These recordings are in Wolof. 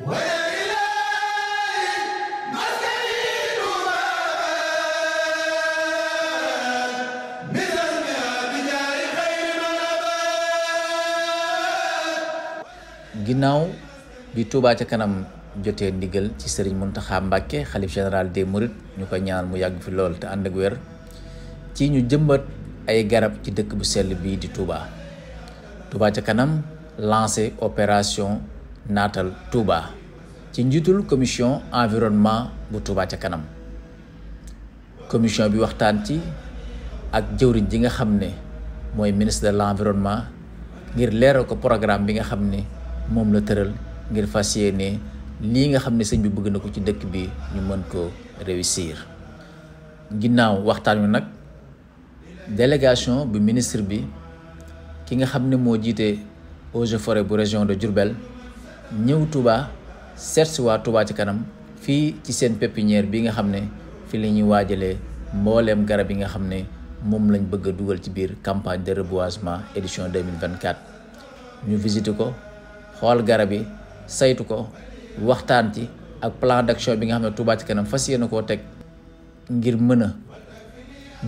ginnaaw bi tuubaa ca kanam jotee ndigal ci sëriñ Mountakha Mbacké xalif général des Mourides ñu ko ñaan mu yàgg fi lool te ànd ak wér ci ñu jëmbat ay garab ci dëkk bu sell bii di Touba Touba ca kanam lancé opération naatal Touba ci njiitul commission environnement bu Touba ca kanam commission bi waxtaan ci ak jëwriñ ji nga xam ne mooy ministre de l'environnement ngir leeral ko programme bi nga xam ne moom la tëral ngir fas yéene lii nga xam ne sëñ bi bëgg na ko ci dëkk bi ñu mën ko réussir ginnaaw waxtaan wi nag délégation bu ministre bi ki nga xam ne moo jiite eaux et bu région de Diourbel ñëw Touba seet si waa Touba ci kanam fii ci seen pépinière bi nga xam ne fii la ñuy waajalee mbooleem garab yi nga xam ne moom lañ bëgg a dugal ci biir campagne de reboisement édition 2024 ñu visité ko xool garab yi saytu ko waxtaan ci ak plan d'action bi nga xam ne Touba ci kanam fas yéene koo teg ngir mën a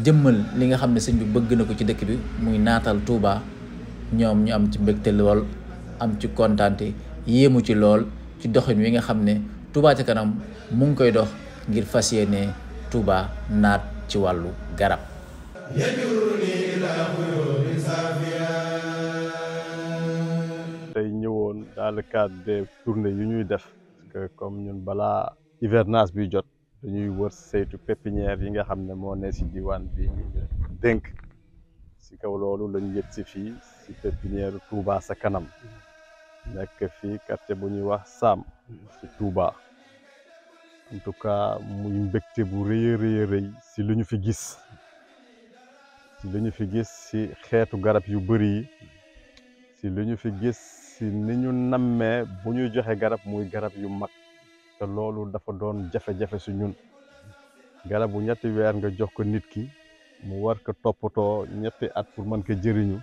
jëmmal li nga xam ne sëñ bi bëgg na ko ci dëkk bi muy naatal Touba ñoom ñu am ci mbégte lool am ci kontaante yéemu ci lool ci doxin wi nga xam ne Touba ca kanam mu ngi koy dox ngir fas yéene Touba naat ci wàllu garab tey ñëwoon dans le cadre des yu ñuy def parce comme ñun balaa hivernage bi jot dañuy wër seytu pépinière yi nga xam ne moo ne si diwaan bi ñu dénk si kaw loolu lañ yëg si fii si pépinière Touba sa kanam nekk fii quartier bu ñuy wax Sam ci Touba en tout muy mbégte bu rëy a rëy si lu ñu fi gis si lu ñu fi gis si xeetu garab yu bari yi si lu ñu fi gis si ni ñu nammee bu ñuy joxe garab muy garab yu mag te loolu dafa doon jafe-jafe su ñun garab ñetti weer nga jox ko nit ki mu war ko toppatoo ñetti at pour mën ko jëriñu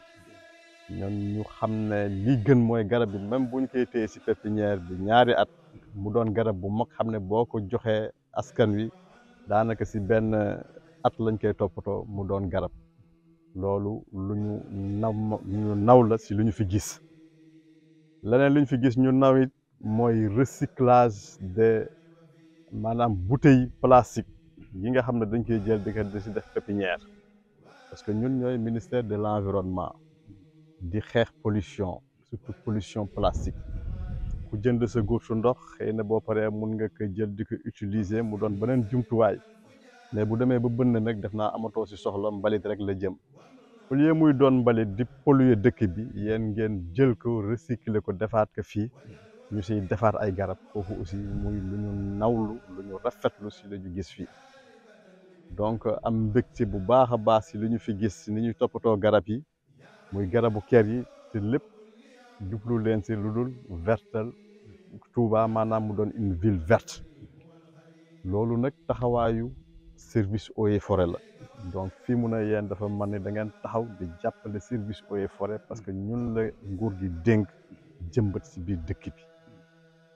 ñoom ñu xam ne li gën mooy garab bi même bu ñu koy téye si pépinière bi ñaari at mu doon garab bu mag xam ne boo ko joxee askan wi daanaka si benn at lañ koy toppatoo mu doon garab loolu lu ñu naw la si lu ñu fi gis leneen lu ñu fi gis ñu naw mooy recyclage de maanaam bouteille plastique yi nga xam ne dañ koy jël di ko si def pépinière parce que ñun ñooy ministère de l'environnement di xeex pollution surtout pollution plastique ku jënd sa su ndox xëy na boo paree mun nga ko jël di ko utiliser mu doon beneen jumtuwaay mais bu demee ba na nag def naa amatoo si soxla mbalit rek la jëm au lieu muy doon mbalit di polluer dëkk bi yéen ngeen jël ko recycler ko defaat ko fii ñu siy defaat ay garab foofu aussi muy lu ñu nawlu lu ñu rafetlu si la ñu gis fii donc am mbégte bu baax a baax si li ñu fi gis ni ñu toppatoo garab yi muy garabu ker yi te lépp jublu leen si lu dul vertal Touba maanaam mu doon une ville verte loolu nag taxawaayu service eaux et forêt la donc fii mun ne yéen dafa man ni da ngeen taxaw di jàppale service eaux et forêt parce que ñun la nguur gi dénk jëmbat si biir dëkk bi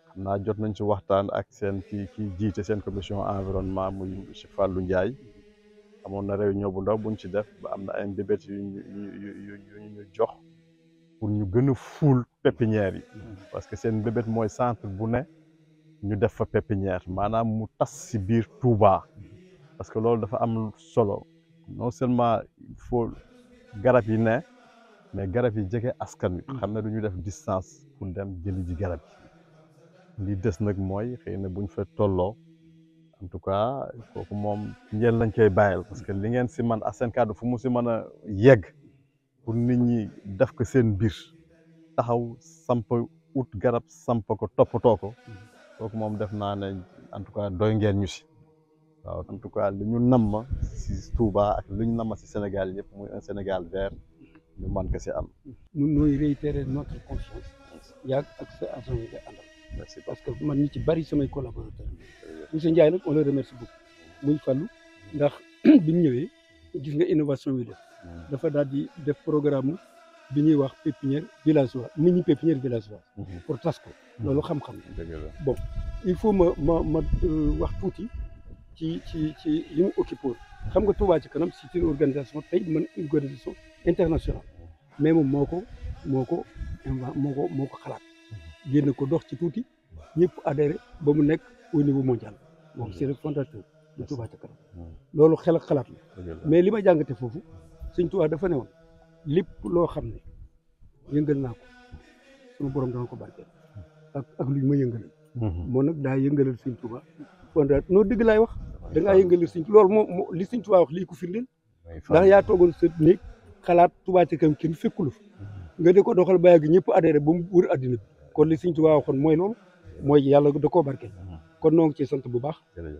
xam naa jot nañ si waxtaan ak seen kii kii jiite seen commission environnement muy monsieur Fallou Ndiaye amoon na réunion bu ndaw buñ ci def ba am na ay mbébét yu ñu yu jox pour ñu gën a fuul yi mm-hmm. parce que seen mbébét mooy centre bu ne ñu def fa pépinière maanaam mu tas si biir Touba mm-hmm. parce que loolu dafa am solo non seulement il garab yi ne mais garab yi jege askan wi mm-hmm. xam ne du ñu def distance pour dem jëli ji garab yi li des nag mooy xëy na buñ fa tolloo en tout cas kooku moom ngeen lañ koy bàyyil parce que li ngeen si man a seen kàddu fu mu si man a yegg pour nit ñi def ko seen biir taxaw samp ut garab samp ko toppatoo ko kooku moom def naa ne en tout cas doy ngeen ñu si waaw en tout cas li ñu namm si Touba ak li ñu namm si Sénégal yëpp muy un Sénégal vert ñu mën ko si am. man ñi ci bari samay collaborateurs monsieur Ndiaye nag on le remercie beaucoup muy fàllu ndax bi mu ñëwee gis nga innovation bi def hmm. dafa daal di def programme bi ñuy wax pépinière villageoise mini pépinière villageoise hmm. pour tas ko hmm. loolu xam-xam bon il faut ma ma ma euh, wax tuuti ci ci ci li mu occupé xam nga Touba ci kanam c'est une organisation tey man une organisation internationale mais moom moo ko moo ko moo ko moo ko xalaat génn ko dox ci tuuti ñëpp adhéré ba mu nekk au niveau mondial moom c'est le fondateur de Touba ca kanam hmm. loolu xel ak la mais li ma jàngate foofu sëñ Touba dafa ne woon lépp loo xam ne yëngal naa ko borom dana ko barkeel hmm. ak ak lu ñu ma yëngalal hmm. moon nag daa yëngalal sëñ Touba fonda noo dëgg laay wax da ngaa yëngalal sëñ loolu moo li sëñ Touba wax lii ko firndeel ndax yaa toogoon sa néeg xalaat Touba ca kanam kenn fekkul fa nga di ko doxal bàyyi gi ñëpp adhéré ba mu wër addina kon li sëñ Touba waxoon mooy loolu mooy yàlla da ko barke mm-hmm. kon noo ngi ciy sant bu baax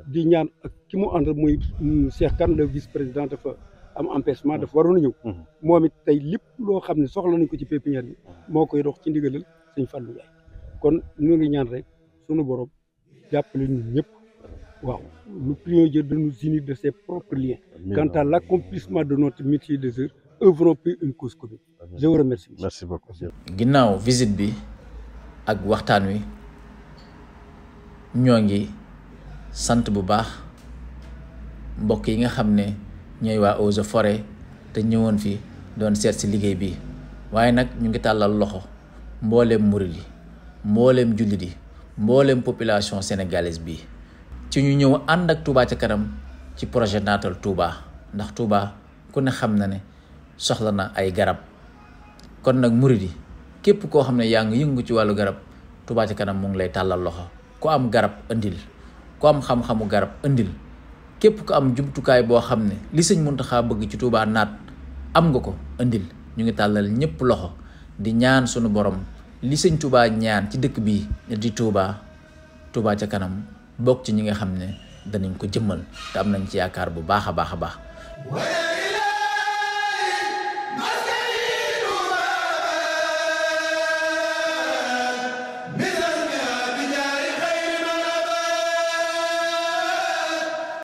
di ñaan ak ki mu ànd muy mm, Cheikh Kane le vice président dafa am empêchement dafa waroon a ñëw mm-hmm. Mm-hmm. moom it tey lépp loo xam ne soxla nañ ko ci pépinière bi moo koy dox ci ndigalal sëñ Fallou Ndiaye kon ñu ngi ñaan rek sunu borom jàppale ñun ñëpp waaw nous prions Dieu de nous unir de ses propres liens quant à l'accomplissement de notre métier de jour œuvrons pour une cause commune je vous remercie. merci ginnaaw visite bi ak waxtaan wi ñoo ngi sant bu baax mbokk yi nga xam ne ñooy waa eaux forêt te ñëwoon fi doon seet si liggéey bi waaye nag ñu ngi tàllal loxo mbooleem murid yi mbooleem jullit yi mbooleem population sénégalaise bi ci ñu ñëw ànd ak Touba ca kanam ci projet naatal Touba ndax Touba ku ne xam na ne soxla na ay garab kon nag murid yi képp koo xam ne yaa ngi yëngu ci wàllu garab Touba ca kanam mu ngi lay tàllal loxo ku am garab indil ku am xam-xamu garab indil képp ku am jumtukaay boo xam ne li sëñ Muntaxa bëgg ci Tuubaa naat am nga ko indil ñu ngi tàllal ñépp loxo di ñaan sunu borom li sëñ Tuubaa ñaan ci dëkk bii di Tuubaa Tuubaa ca kanam bokk ci ñi nga xam ne danañ ko jëmmal te am nañ ci yaakaar bu baax a baax a baax